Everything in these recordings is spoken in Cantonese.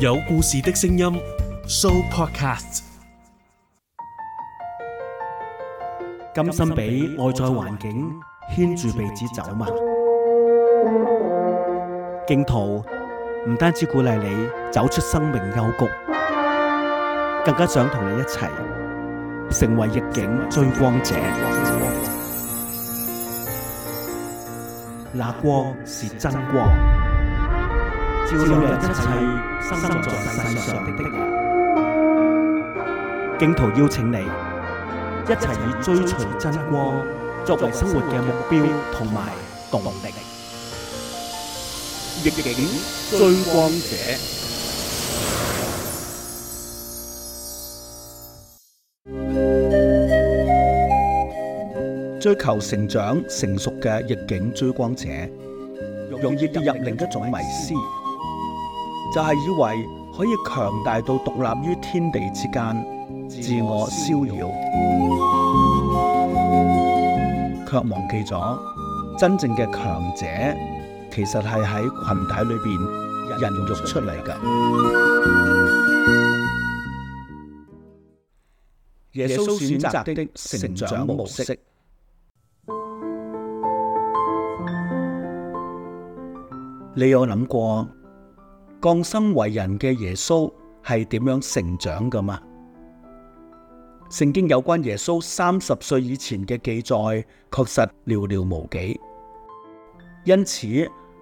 有故事的聲音，Sooopodcast。甘心俾外在環境牽住鼻子走嗎？荊徒唔單止鼓勵你走出生命幽谷，更加想同你一齊成為逆境追光者。那光是真光。照亮一切生在世上的人，荊徒邀請你一齊以追隨真光作為生活嘅目標同埋動力。逆境追光者，追求成長成熟嘅逆境追光者，容易跌入另一種迷思。就係以為可以強大到獨立於天地之間，自我逍遙，卻忘記咗真正嘅強者其實係喺群體裏邊孕育出嚟㗎。耶穌選擇的成長模式，你有諗過？降生為人嘅耶穌係點樣成長噶嘛？聖經有關耶穌三十歲以前嘅記載確實寥寥無幾，因此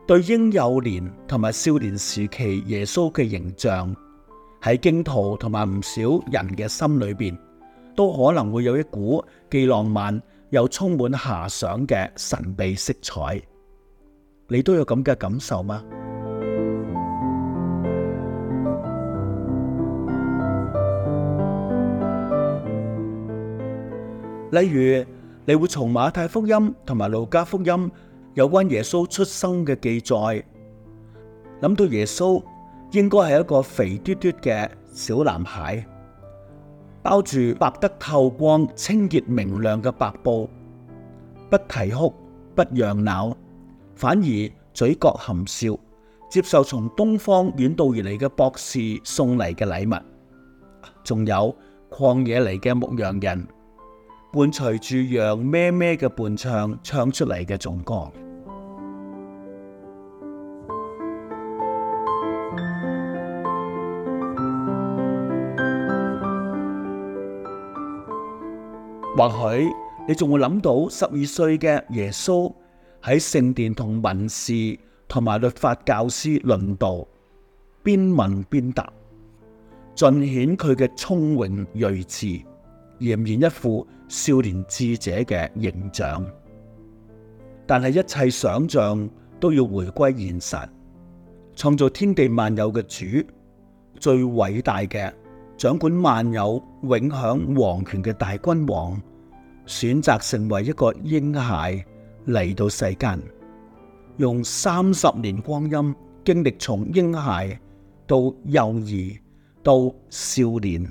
對嬰幼年同埋少年時期耶穌嘅形象，喺荊徒同埋唔少人嘅心裏邊，都可能會有一股既浪漫又充滿遐想嘅神秘色彩。你都有咁嘅感受嗎？例如，你會從馬太福音同埋路加福音有關耶穌出生嘅記載，諗到耶穌應該係一個肥嘟嘟嘅小男孩，包住白得透光、清潔明亮嘅白布，不啼哭、不嚷鬧，反而嘴角含笑，接受從東方遠道而來嘅博士送嚟嘅禮物。仲有曠野嚟嘅牧羊人。伴隨住羊咩咩嘅伴唱，唱出嚟嘅頌歌。或許你仲會諗到十二歲嘅耶穌喺聖殿同文士同埋律法教師論道，邊問邊答，盡顯佢嘅聰穎睿智。儼然一副少年智者嘅形象，但係一切想象都要回歸現實。創造天地萬有嘅主，最偉大嘅掌管萬有、永享皇權嘅大君王，選擇成為一個嬰孩嚟到世間，用三十年光陰，經歷從嬰孩到幼兒到少年、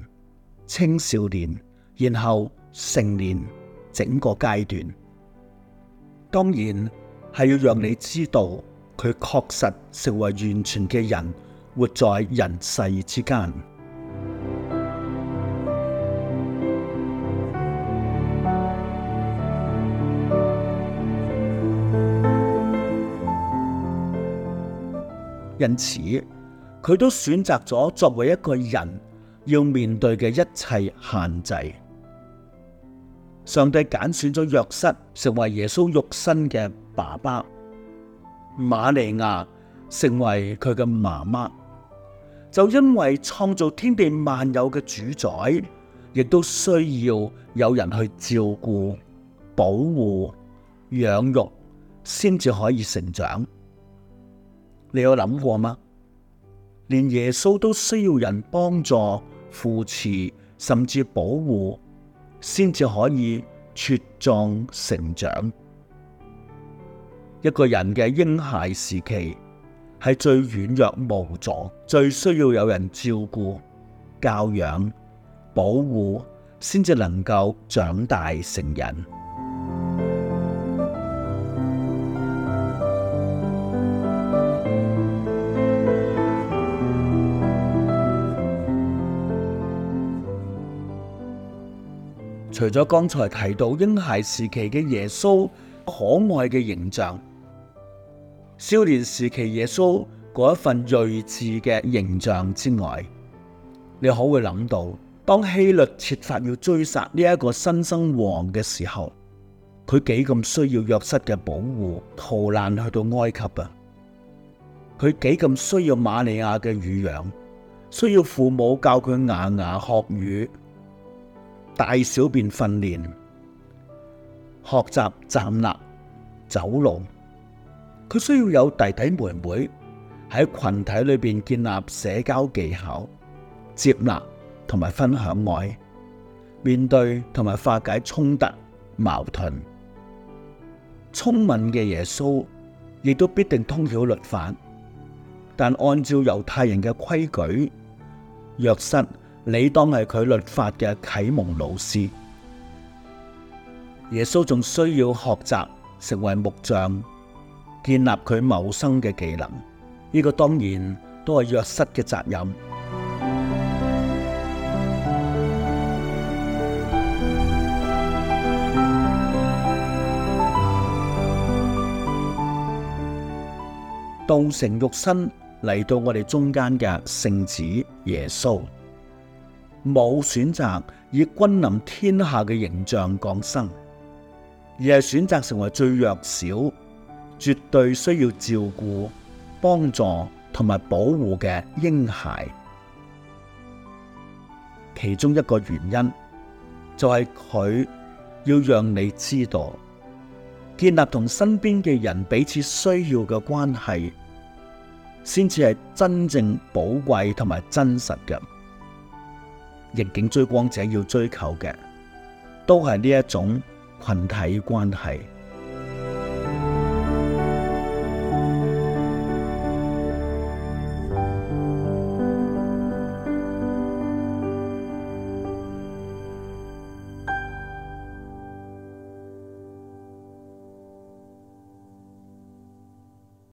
青少年。然後成年整個階段，當然係要讓你知道佢確實成為完全嘅人，活在人世之間。因此，佢都選擇咗作為一個人要面對嘅一切限制。上帝揀選咗約瑟成為耶穌肉身嘅爸爸，瑪利亞成為佢嘅媽媽，就因為創造天地萬有嘅主宰，亦都需要有人去照顧、保護、養育，先至可以成長。你有諗過嗎？連耶穌都需要人幫助、扶持，甚至保護。先至可以茁壯成長。一個人嘅嬰孩時期係最軟弱無助，最需要有人照顧、教養、保護，先至能夠長大成人。除咗剛才提到嬰孩時期嘅耶穌可愛嘅形象，少年時期耶穌嗰一份睿智嘅形象之外，你可會諗到，當希律設法要追殺呢一個新生王嘅時候，佢幾咁需要約瑟嘅保護，逃難去到埃及啊！佢幾咁需要瑪利亞嘅乳養，需要父母教佢牙牙學語。大小便訓練，學習站立、走路，佢需要有弟弟妹妹喺群體裏邊建立社交技巧、接納同埋分享愛，面對同埋化解衝突矛盾。聰明嘅耶穌亦都必定通曉律法，但按照猶太人嘅規矩，若失。你當係佢律法嘅啟蒙老師，耶穌仲需要學習成為木匠，建立佢謀生嘅技能。呢、這個當然都係約瑟嘅責任，道成肉身嚟到我哋中間嘅聖子耶穌，冇選擇以君臨天下嘅形象降生，而係選擇成為最弱小、絕對需要照顧、幫助同埋保護嘅嬰孩。其中一個原因就係佢要讓你知道，建立同身邊嘅人彼此需要嘅關係，先至係真正寶貴同埋真實嘅。逆境追光者要追求嘅，都係呢一種群體關係。